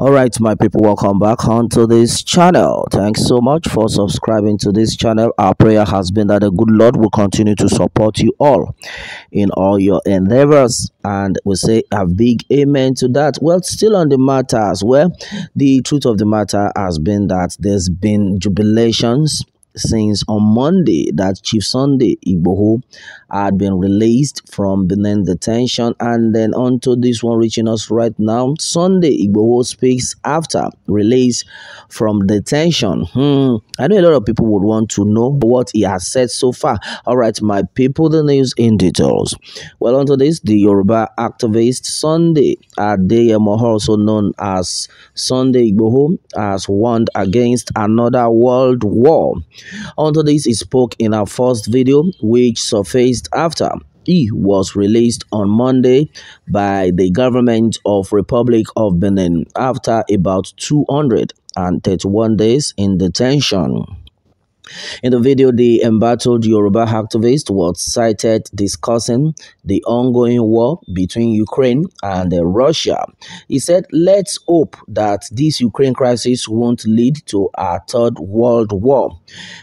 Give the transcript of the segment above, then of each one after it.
all right my people welcome back onto this channel thanks so much for subscribing to this channel our prayer has been that the good lord will continue to support you all in all your endeavors and we say a big amen to that well still on the matter as well the truth of the matter has been that there's been jubilations since on Monday that Chief Sunday Igboho had been released from Benin detention and then onto this one reaching us right now. Sunday Igboho speaks after release from detention. Hmm. I know a lot of people would want to know what he has said so far. All right, my people, the news in details. Well, onto this, the Yoruba activist Sunday Adeyemo, also known as Sunday Igboho, has warned against another world war. Under this, he spoke in our first video, which surfaced after he was released on Monday by the government of Republic of Benin after about 231 days in detention. In the video, the embattled Yoruba activist was cited discussing the ongoing war between Ukraine and Russia. He said, Let's hope that this Ukraine crisis won't lead to a third world war.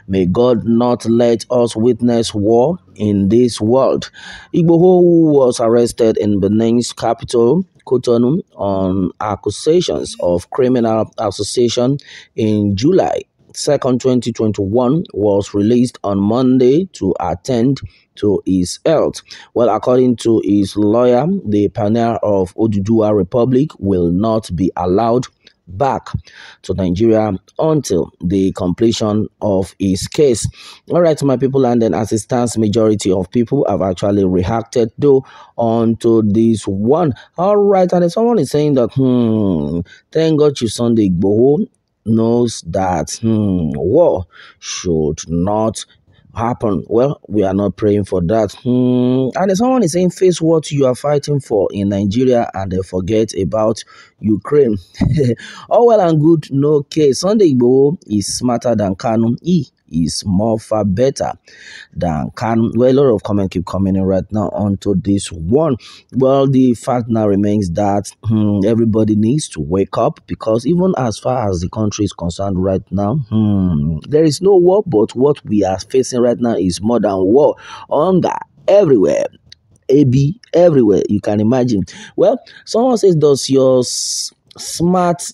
May God not let us witness war in this world. Igboho was arrested in Benin's capital Cotonou on accusations of criminal association in July 2nd, 2021 was released on Monday to attend to his health. Well, according to his lawyer, the panel of Oduduwa Republic will not be allowed back to Nigeria until the completion of his case. All right, my people, and then as it stands, majority of people have actually reacted though onto this one. All right, and someone is saying that, hmm, thank God you Sunday Igboho knows that hmm, war should not happen. Well, we are not praying for that. Hmm. And someone is saying, face what you are fighting for in Nigeria and they forget about Ukraine. All well and good, no case. Sunday Igbo is smarter than Kanu. E is more far better than can. Well, a lot of comment keep coming in right now onto this one. Well, the fact now remains that hmm, everybody needs to wake up because even as far as the country is concerned right now, hmm, there is no war, but what we are facing right now is more than war, hunger everywhere. AB everywhere, you can imagine. Well, someone says, Does your smart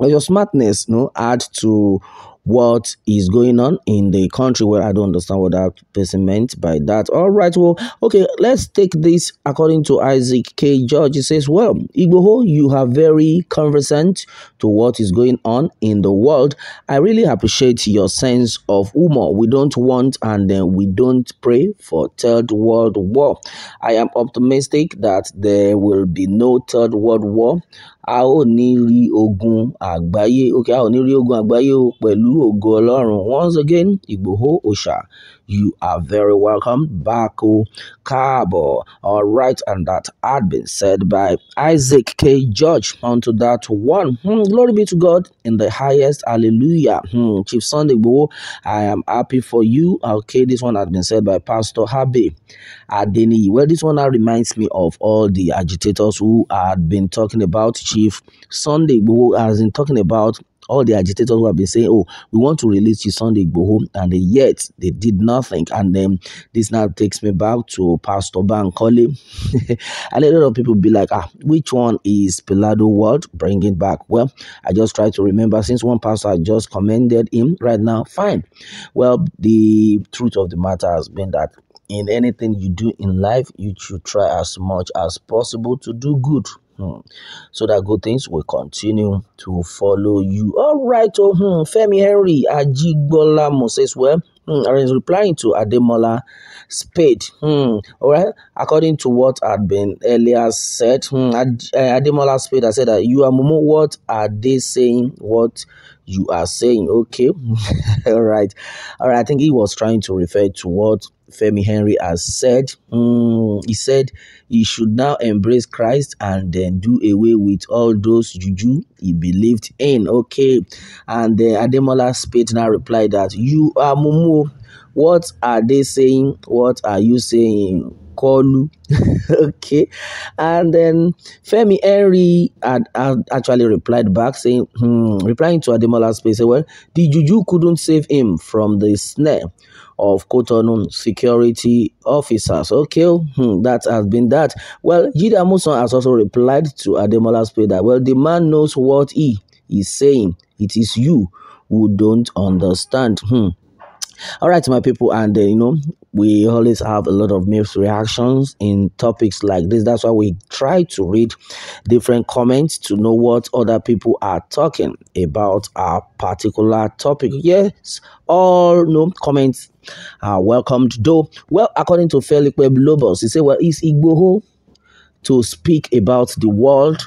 your smartness you no know, add to what is going on in the country. Well, I don't understand what that person meant by that. All right, well, okay, let's take this according to Isaac K. George. He says, Well, Igboho, you are very conversant to what is going on in the world. I really appreciate your sense of humor. We don't want and then we don't pray for Third World War. I am optimistic that there will be no Third World War a ò ní rí ogun àgbáyé o pẹ̀lú ògo Ọlọ́run once again Igboho Oòṣà. you are very welcome. Baku Kabo. All right, and that had been said by Isaac K. George. to that one, hmm, glory be to God in the highest. Hallelujah. Hmm, Chief Sunday Bo, I am happy for you. Okay, this one has been said by Pastor Habe Adeni. Well, this one now reminds me of all the agitators who had been talking about Chief Sunday Bo has been talking about all the agitators who have been saying, oh, we want to release you Sunday home, and they, yet they did nothing. And then um, this now takes me back to Pastor Bankole. and a lot of people be like, ah, which one is Pilado World bringing back? Well, I just try to remember since one pastor just commended him right now, fine. Well, the truth of the matter has been that in anything you do in life, you should try as much as possible to do good. Hmm. so that good things will continue to follow you. All right, oh, hmm, Femi Henry Ajigbola Moses, well, hmm, I replying to Ademola Spade. Hmm, all right, according to what had been earlier said, hmm, eh, Ademola Spade, I said that you are Mumu. What are they saying? What you are saying. Okay, all right, all right. I think he was trying to refer to what Femi Henry has said. Um, he said he should now embrace Christ and then do away with all those juju he believed in. Okay, and uh, Ademola Spade now replied that you are Mumu what are they saying? What are you saying? Kolu. okay. And then Femi Henry had, had, actually replied back saying, hmm, replying to Ademola space, well, the juju couldn't save him from the snare of Kotonu security officers. Okay, oh, hmm, that has been that. Well, Jida Muson has also replied to Ademola space that, well, the man knows what he is saying. It is you who don't understand. Hmm. All right, my people, and uh, you know, we always have a lot of mixed reactions in topics like this. That's why we try to read different comments to know what other people are talking about our particular topic. Yes, all no comments are welcomed, though. Well, according to Felipe Lobos, he said, Well, is Igboho to speak about the world?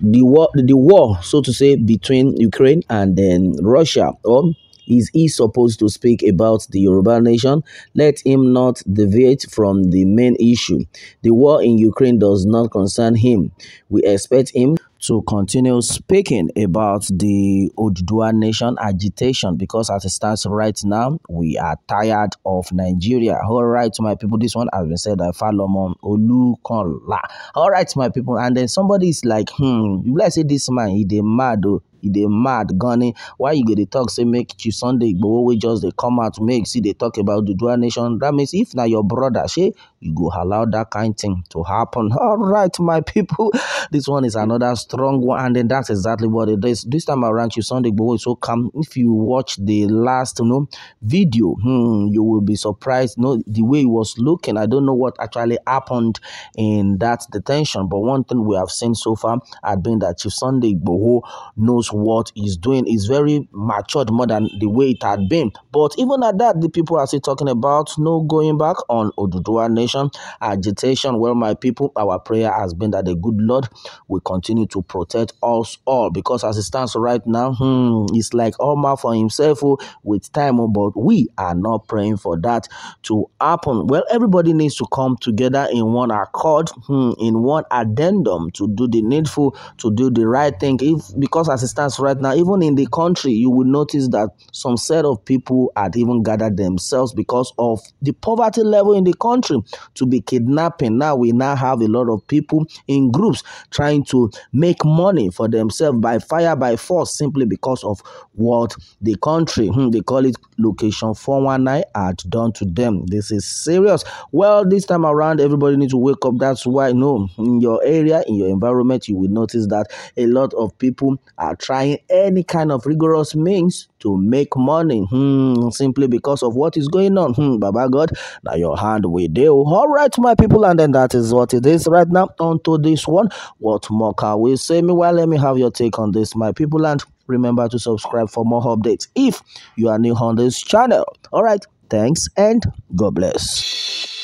The war, the war, so to say, between Ukraine and then um, Russia, or is he supposed to speak about the Yoruba nation? Let him not deviate from the main issue. The war in Ukraine does not concern him. We expect him to continue speaking about the Oduduwa Nation agitation because as it stands right now, we are tired of Nigeria. All right, my people, this one has been said by Falomon Olukonla. All right, my people, and then somebody is like, hmm, you let's say this man, he the mad, oh. They dey mad gani why you go the talk say make chief sunday igbowo we just dey come out make see they talk about the dual nation that means if now your brother she, you go allow that kind thing to happen all right my people this one is another strong one and then that's exactly what it is this time around chief sunday igbowo so come. if you watch the last you know video hmm, you will be surprised you know the way he was looking i don't know what actually happened in that detention but one thing we have seen so far had been that chief sunday igbowo knows what he's doing. is very matured more than the way it had been. But even at that, the people are still talking about no going back on Odudua Nation agitation. Well, my people, our prayer has been that the good Lord will continue to protect us all because as it stands right now, hmm, it's like Omar for himself oh, with time, oh, but we are not praying for that to happen. Well, everybody needs to come together in one accord, hmm, in one addendum to do the needful, to do the right thing. If because as it right now, even in the country, you will notice that some set of people had even gathered themselves because of the poverty level in the country to be kidnapping. Now we now have a lot of people in groups trying to make money for themselves by fire, by force, simply because of what the country, hmm, they call it location 419, had done to them. This is serious. Well, this time around, everybody needs to wake up. That's why, no, in your area, in your environment, you will notice that a lot of people are trying any kind of rigorous means to make money hmm, simply because of what is going on. Hmm, Baba God, now your hand will deal. Oh. All right, my people, and then that is what it is right now. On to this one. What more can we say? Meanwhile, let me have your take on this, my people, and remember to subscribe for more updates if you are new on this channel. All right, thanks and God bless.